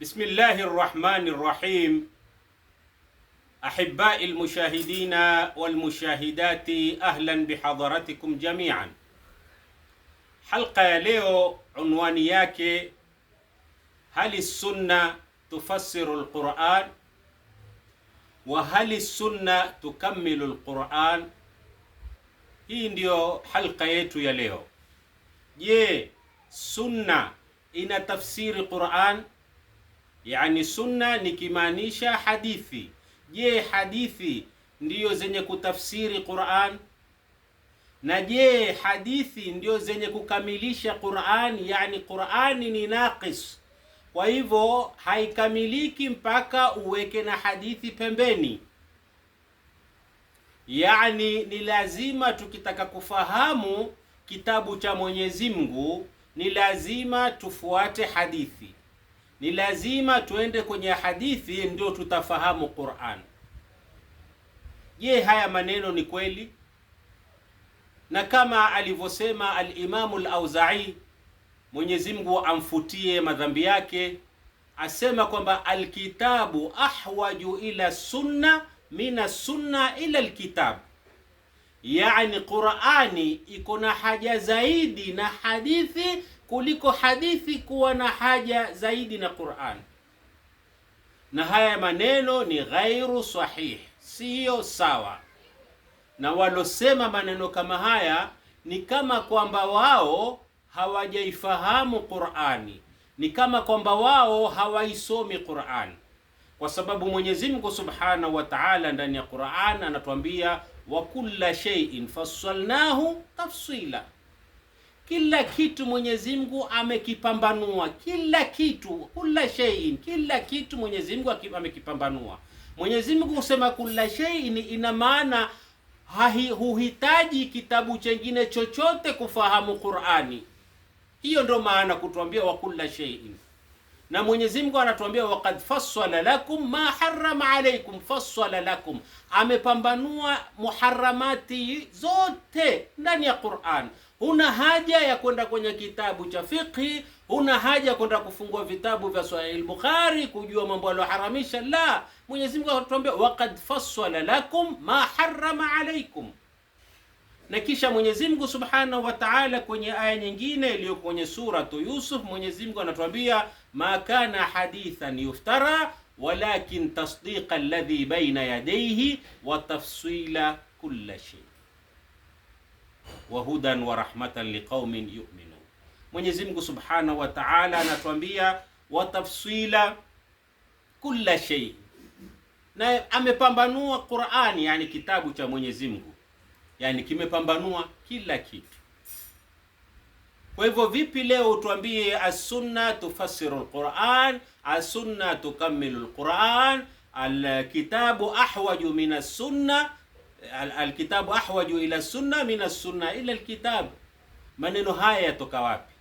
بسم الله الرحمن الرحيم أحباء المشاهدين والمشاهدات أهلا بحضراتكم جميعا حلقة ليو عنوان هل السنة تفسر القرآن وهل السنة تكمل القرآن هي ndiyo حلقه yetu ya leo سنه ان تفسير القران yani sunna nikimaanisha hadithi. Je, hadithi ndiyo zenye kutafsiri Qur'an? Na je, hadithi ndiyo zenye kukamilisha Qur'an? Yani Qur'ani ni naqis, kwa hivyo haikamiliki mpaka uweke na hadithi pembeni. Yani ni lazima tukitaka kufahamu kitabu cha Mwenyezi Mungu ni lazima tufuate hadithi ni lazima tuende kwenye hadithi ndio tutafahamu Qur'an. Je, haya maneno ni kweli? Na kama alivyosema al-Imamu al-Auza'i, Mwenyezi Mungu amfutie madhambi yake, asema kwamba alkitabu ahwaju ila sunna mina sunna ila alkitabu yani Qurani iko na haja zaidi na hadithi kuliko hadithi kuwa na haja zaidi na Qurani. Na haya maneno ni ghairu sahih, siyo sawa. Na walosema maneno kama haya ni kama kwamba wao hawajaifahamu Qurani, ni kama kwamba wao hawaisomi Qurani, kwa sababu Mwenyezi Mungu Subhanahu wa Ta'ala ndani ya Qurani anatuambia wa kulla shay'in fassalnahu tafsila, kila kitu Mwenyezi Mungu amekipambanua. Kila kitu, kulla shay'in, kila kitu Mwenyezi Mungu amekipambanua. Mwenyezi Mungu kusema kulla shay'in ina maana huhitaji kitabu chengine chochote kufahamu Qur'ani. Hiyo ndio maana kutuambia wa kulla shay'in na Mwenyezi Mungu anatuambia waqad fassala lakum ma harrama alaykum, fassala lakum, amepambanua muharamati zote ndani ya Qur'an. Huna haja ya kwenda kwenye kitabu cha fiqhi, huna haja ya kwenda kufungua vitabu vya Sahih al-Bukhari kujua mambo aliyoharamisha. La, Mwenyezi Mungu anatuambia waqad fassala lakum ma harrama alaykum. Na kisha Mwenyezi Mungu Subhanahu wa Ta'ala kwenye aya nyingine iliyo kwenye tu Yusuf, Mwenyezi Mungu anatuambia ma kana hadithan yuftara walakin tasdiqa alladhi baina yadayhi wa tafsila kulli shay wa hudan wa rahmatan liqaumin yu'minun. Mwenyezi Mungu Subhanahu wa Ta'ala anatuambia wa tafsila kulli shay, na amepambanua Qur'ani, yani kitabu cha Mwenyezi Mungu, yani kimepambanua kila kitu kwa hivyo vipi leo utuambie as-sunna tufasiru al-Quran, as-sunna tukammilu al-Quran, al-kitabu ahwaju min as-sunna, al-kitabu ahwaju ila sunna min as-sunna ila al-kitab. Maneno haya yatoka wapi?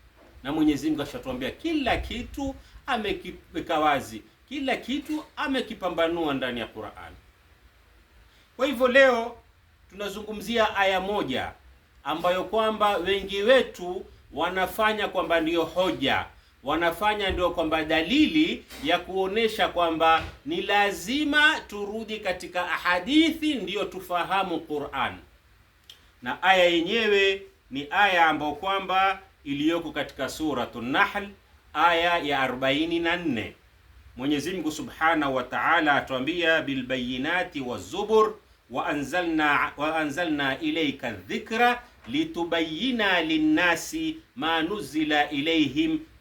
Na Mwenyezi Mungu ashatuambia kila kitu amekiweka wazi, kila kitu amekipambanua ndani ya Qur'an. Kwa hivyo leo tunazungumzia aya moja ambayo kwamba wengi wetu wanafanya kwamba ndiyo hoja, wanafanya ndio kwamba dalili ya kuonesha kwamba ni lazima turudi katika ahadithi ndiyo tufahamu Qur'an, na aya yenyewe ni aya ambayo kwamba iliyoko katika Suratun Nahl aya ya 44. Mwenyezi Mungu Subhanahu wa Ta'ala atuambia bilbayinati wazubur wa anzalna, wa anzalna ilayka dhikra litubayina linnasi ma nuzila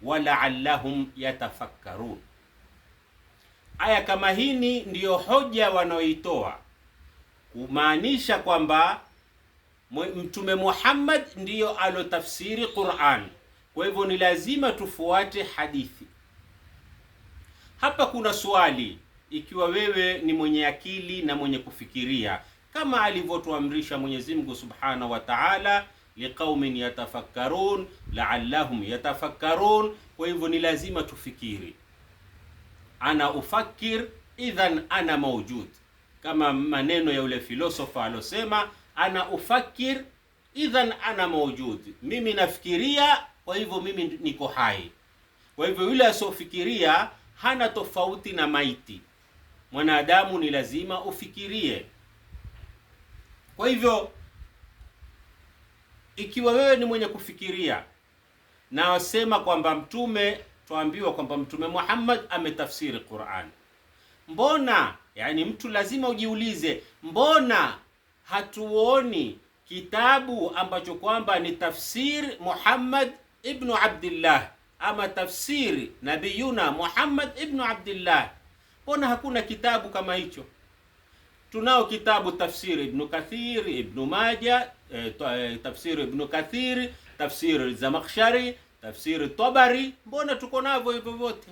wa laallahum yatafakkarun. Aya kama hini ndiyo hoja wanaoitoa kumaanisha kwamba Mtume Muhammad ndiyo alotafsiri Qur'an, kwa hivyo ni lazima tufuate hadithi. Hapa kuna swali, ikiwa wewe ni mwenye akili na mwenye kufikiria kama alivyotuamrisha Mwenyezi Mungu Subhanahu wa Ta'ala, liqaumin yatafakkarun la'allahum yatafakkarun. Kwa hivyo ni lazima tufikiri, ana ufakir idhan ana maujud kama maneno ya ule filosofa alosema, ana ufakir idhan ana maujud mimi nafikiria, kwa hivyo mimi niko hai. Kwa hivyo yule asiofikiria hana tofauti na maiti. Mwanadamu ni lazima ufikirie. Kwa hivyo ikiwa wewe ni mwenye kufikiria na wasema kwamba mtume twaambiwa kwamba mtume Muhammad ametafsiri Qur'an, mbona yani, mtu lazima ujiulize, mbona hatuoni kitabu ambacho kwamba ni tafsir Muhammad ibnu Abdillah ama tafsiri nabiyuna Muhammad ibnu Abdillah? Mbona hakuna kitabu kama hicho? tunao kitabu tafsiri Ibn Kathir, Ibn Maja e, eh, eh, tafsiri Ibn Kathir, tafsiri Zamakhshari, tafsiri Tabari. Mbona tuko navyo hivyo vyote,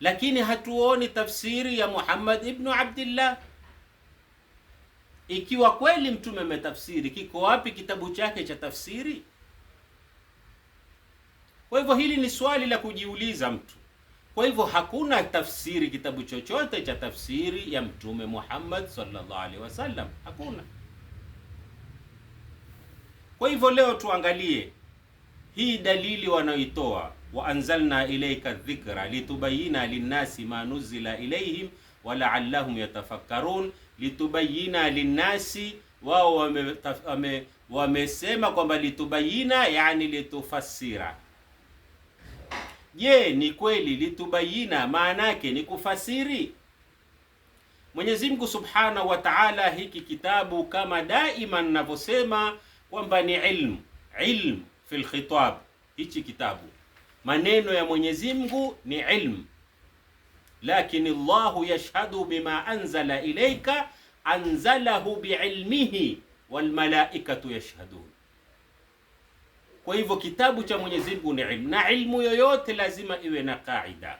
lakini hatuoni tafsiri ya Muhammad Ibn Abdillah. Ikiwa kweli mtume ametafsiri, kiko wapi kitabu chake cha tafsiri? Kwa hivyo hili ni swali la kujiuliza mtu kwa hivyo hakuna tafsiri, kitabu chochote cha tafsiri ya Mtume Muhammad sallallahu alaihi wasallam hakuna. Kwa hivyo leo tuangalie hii dalili wanaoitoa, wa anzalna ilayka dhikra litubayina linnasi ma nuzila ilayhim wa la'allahum yatafakkarun. Litubayina linnasi, wao wamesema wame, wame kwamba litubayina, yani litufasira Je, ni kweli? Litubayina, maana yake ni kufasiri. Mwenyezi Mungu Subhanahu wa Ta'ala, hiki kitabu kama daima ninavyosema kwamba ni ilmu, ilmu fil khitab. Hichi kitabu maneno ya Mwenyezi Mungu ni ilmu, lakini Allahu yashhadu bima anzala ilayka anzalahu biilmihi walmalaikatu yashhadun kwa hivyo kitabu cha Mwenyezi Mungu ni ilmu, na ilmu yoyote lazima iwe na kaida,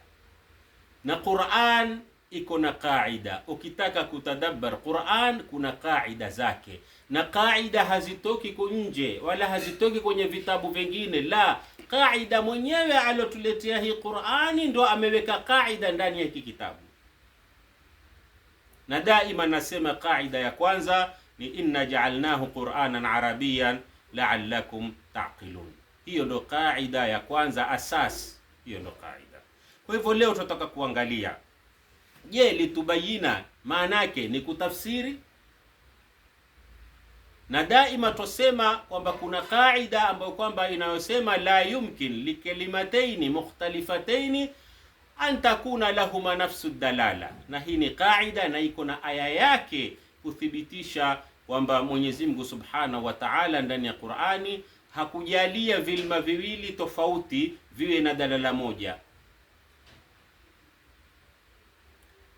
na Qur'an iko na kaida. Ukitaka kutadabbar Qur'an kuna kaida zake, na kaida hazitoki nje wala hazitoki kwenye vitabu vingine. La, kaida mwenyewe alotuletea hii Qur'ani ndo ameweka kaida ndani ya hiki kitabu, na daima nasema kaida ya kwanza ni inna ja'alnahu Qur'anan arabiyan la'allakum taqilun. Hiyo ndo kaida ya kwanza, asas hiyo ndo kaida. Kwa hivyo leo tunataka kuangalia, je, litubayina maana yake ni kutafsiri, na daima tusema kwamba kuna kaida ambayo kwamba inayosema la yumkin likalimataini mukhtalifataini an takuna lahuma nafsu dalala, na hii ni kaida na iko na aya yake kuthibitisha kwamba Mwenyezi Mungu Subhanahu wa Ta'ala ndani ya Qur'ani hakujalia vilma viwili tofauti viwe na dalala moja.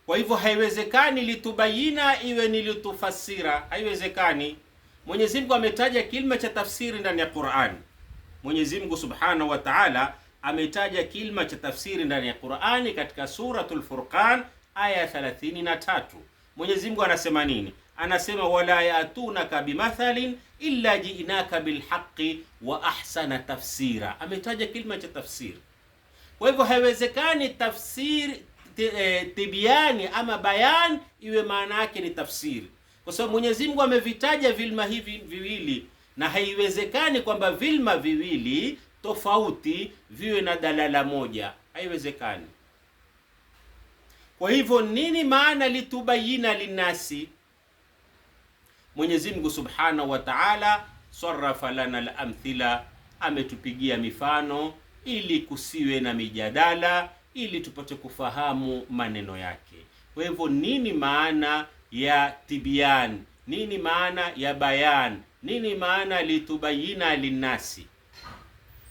Kwa hivyo haiwezekani litubayina iwe ni litufasira, haiwezekani. Mwenyezi Mungu ametaja kilima cha tafsiri ndani ya Qur'ani. Mwenyezi Mungu Subhanahu wa Ta'ala ametaja kilima cha tafsiri ndani ya Qur'ani katika suratul Furqan aya 33. Mwenyezi Mungu anasema nini? anasema wala yatunaka bimathalin illa jiinaka bilhaqi wa ahsana tafsira. Ametaja kilima cha tafsir. Kwa hivyo haiwezekani tafsir e, tibiani ama bayan iwe maana yake ni tafsiri, kwa sababu Mwenyezi Mungu amevitaja vilma hivi viwili, na haiwezekani kwamba vilma viwili tofauti viwe na dalala moja, haiwezekani. Kwa hivyo nini maana litubayina linasi Mwenyezi Mungu Subhanahu wa Ta'ala sarafa lana al-amthila, ametupigia mifano ili kusiwe na mijadala, ili tupate kufahamu maneno yake. Kwa hivyo, nini maana ya tibyan? Nini maana ya bayan? Nini maana litubayina linnasi?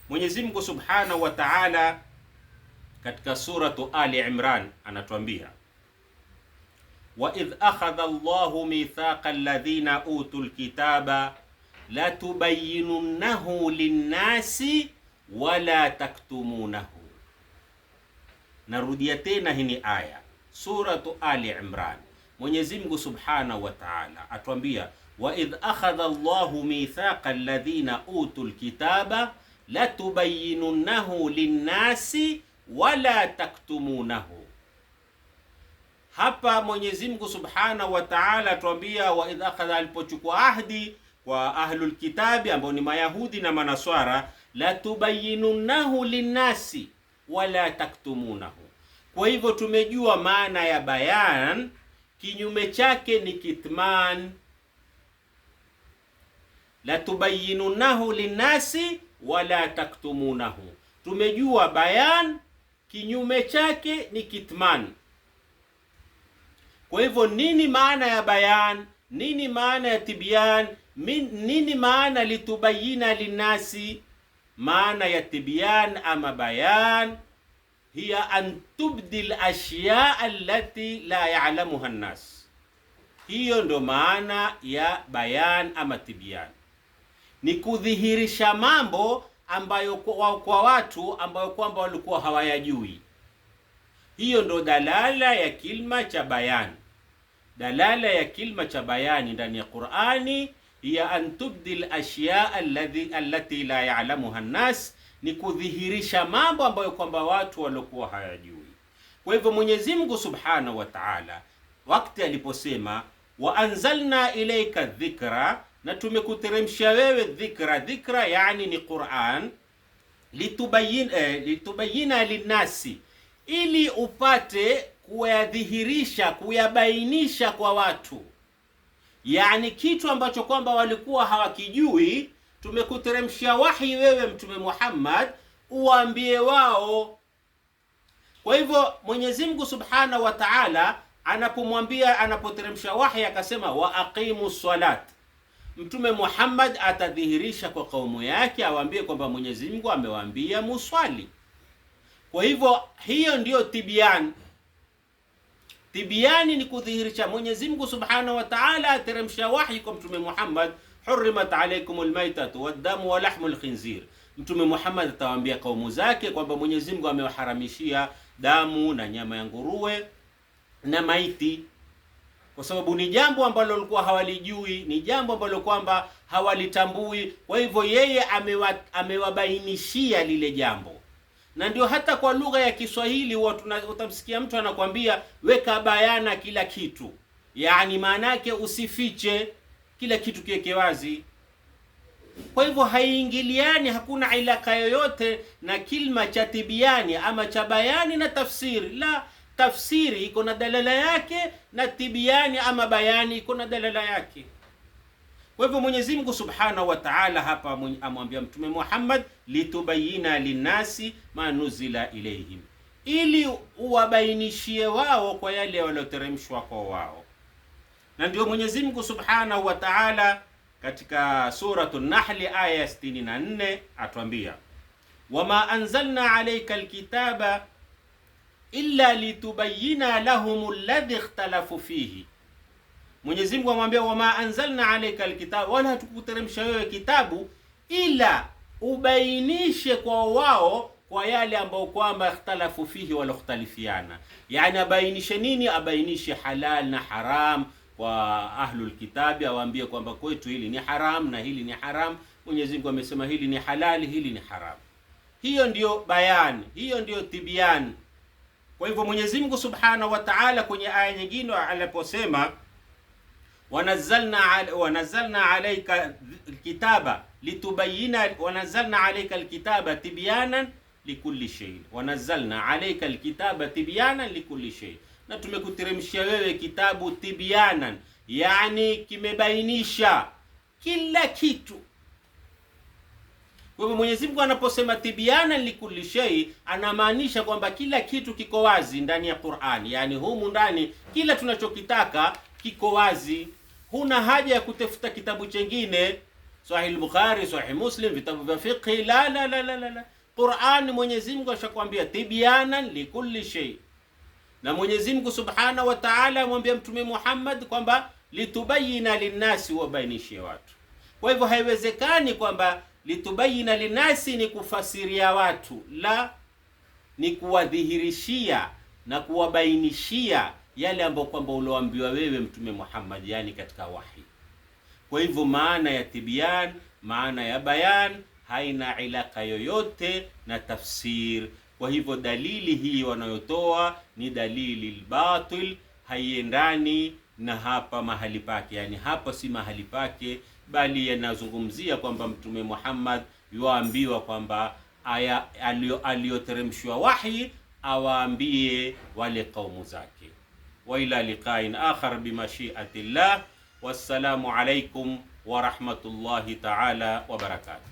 Mwenyezi Mungu Subhanahu wa Ta'ala katika suratu Ali Imran anatuambia وإذ أخذ الله ميثاق الذين أوتوا الكتاب لتبيننه للناس ولا تكتمونه نرد يتينا هنا آية سورة آل عمران من يزمه سبحانه وتعالى أتوانبيا وإذ أخذ الله ميثاق الذين أوتوا الكتاب لتبيننه للناس ولا تكتمونه Hapa Mwenyezi Mungu Subhanahu wa Ta'ala atuambia, wa idh akhadha, alipochukua ahdi kwa ahlul kitabi ambao ni Mayahudi na Manaswara, la tubayyinunahu linnasi wala taktumunahu. Kwa hivyo tumejua maana ya bayan, kinyume chake ni kitman. La tubayyinunahu linnasi wala taktumunahu, tumejua bayan kinyume chake ni kitman. Kwa hivyo nini maana ya bayan? Nini maana ya tibyan? Nini maana litubayina linasi? Maana ya tibyan ama bayan hiya an tubdil ashya allati la ya'lamuha an-nas. Hiyo ndo maana ya bayan ama tibyan, ni kudhihirisha mambo ambayo kwa, kwa watu ambayo kwamba walikuwa hawayajui. Hiyo ndo dalala ya kilma cha bayan. Dalala ya kilma cha bayani ndani ya Qur'ani ya an tubdil ashyaa alladhi allati la ya'lamuha nas ni kudhihirisha mambo ambayo kwamba watu waliokuwa hayajui. Kwa hivyo Mwenyezi Mungu Subhanahu wa Ta'ala wakati aliposema wa anzalna ilayka dhikra, na tumekuteremshia wewe dhikra. Dhikra yani ni Qur'an, litubayina eh, litubayina linnasi, ili upate kuyadhihirisha, kuyabainisha kwa watu, yaani kitu ambacho kwamba walikuwa hawakijui. Tumekuteremshia wahi wewe Mtume Muhammad, uwaambie wao. Kwa hivyo Mwenyezi Mungu Subhanahu wa Ta'ala anapomwambia anapoteremsha wahi akasema, wa aqimu salat, Mtume Muhammad atadhihirisha kwa kaumu yake, awaambie kwamba Mwenyezi Mungu amewaambia muswali. Kwa hivyo hiyo ndiyo tibian Tibiani ni kudhihirisha Mwenyezi Mungu Subhanahu wa Ta'ala ateremsha wahi kwa Mtume Muhammad, hurrimat alaykumul maitatu waddamu wa lahmul khinzir. Mtume Muhammad atawaambia kaumu zake kwamba Mwenyezi Mungu amewaharamishia damu na nyama ya nguruwe na maiti, kwa sababu ni jambo ambalo walikuwa hawalijui, ni jambo ambalo kwamba hawalitambui. Kwa hivyo yeye amewabainishia lile jambo na ndio hata kwa lugha ya Kiswahili utamsikia mtu anakwambia weka bayana kila kitu, yaani maana yake usifiche, kila kitu kiweke wazi. Kwa hivyo haiingiliani, hakuna ilaka yoyote na kilma cha tibiani ama cha bayani na tafsiri. La, tafsiri iko na dalala yake na tibiani ama bayani iko na dalala yake. Kwa hivyo Mwenyezi Mungu Subhanahu wa Ta'ala hapa amwambia Mtume Muhammad, litubayina linasi ma nuzila ilayhim, ili uwabainishie wao kwa yale walioteremshwa kwa wao. Na ndio Mwenyezi Mungu Subhanahu wa Ta'ala katika Suratul Nahli aya ya 64 atwambia, wama anzalna alayka alkitaba illa litubayina lahum alladhi ikhtalafu fihi Mwenyezi Mungu amwambia, wama anzalna alayka alkitabu, wala hatukuteremsha wewe kitabu ila ubainishe kwa wao kwa yale ambayo kwamba ikhtalafu fihi walakhtalifiana, yani abainishe nini? Abainishe halal na haram kwa ahlul kitabi, awaambie kwamba kwetu hili ni haram na hili ni haram. Mwenyezi Mungu amesema hili ni halali, hili ni haram. Hiyo ndiyo bayan, hiyo ndiyo tibian. Kwa hivyo Mwenyezi Mungu Subhanahu wa Ta'ala kwenye aya nyingine aliposema wanazalna al, wanazalna alayka alkitaba litubayina wanazalna alayka alkitaba tibyanan likulli shay wanazalna alayka alkitaba tibyanan likulli shay, na tumekuteremshia wewe kitabu tibyanan, yani kimebainisha kila kitu. Kwa hivyo Mwenyezi Mungu anaposema tibyanan likulli shay, anamaanisha kwamba kila kitu kiko wazi ndani ya Qur'ani, yani humu ndani kila tunachokitaka kiko wazi huna haja ya kutafuta kitabu chengine, Sahih Bukhari, Sahih Muslim, vitabu vya fiqh. La, la, la, la, la. Qur'an, Mwenyezi Mungu ashakwambia tibyanan likulli shay, na Mwenyezi Mungu Subhanahu wa Ta'ala amwambia Mtume Muhammad kwamba litubayina linnasi, wabainishe watu. Kwa hivyo haiwezekani kwamba litubayina linnasi ni kufasiria watu, la, ni kuwadhihirishia na kuwabainishia yale ambayo kwamba ulioambiwa wewe Mtume Muhammad, yani katika wahi. Kwa hivyo maana ya tibyan, maana ya bayan haina ilaka yoyote na tafsir. Kwa hivyo dalili hii wanayotoa ni dalili lbatil, haiendani na hapa mahali pake, yani hapa si mahali pake, bali yanazungumzia kwamba Mtume Muhammad yuambiwa kwamba aliyoteremshwa wahi awaambie wale kaumu zake. وإلى لقاء آخر بمشيئة الله والسلام عليكم ورحمة الله تعالى وبركاته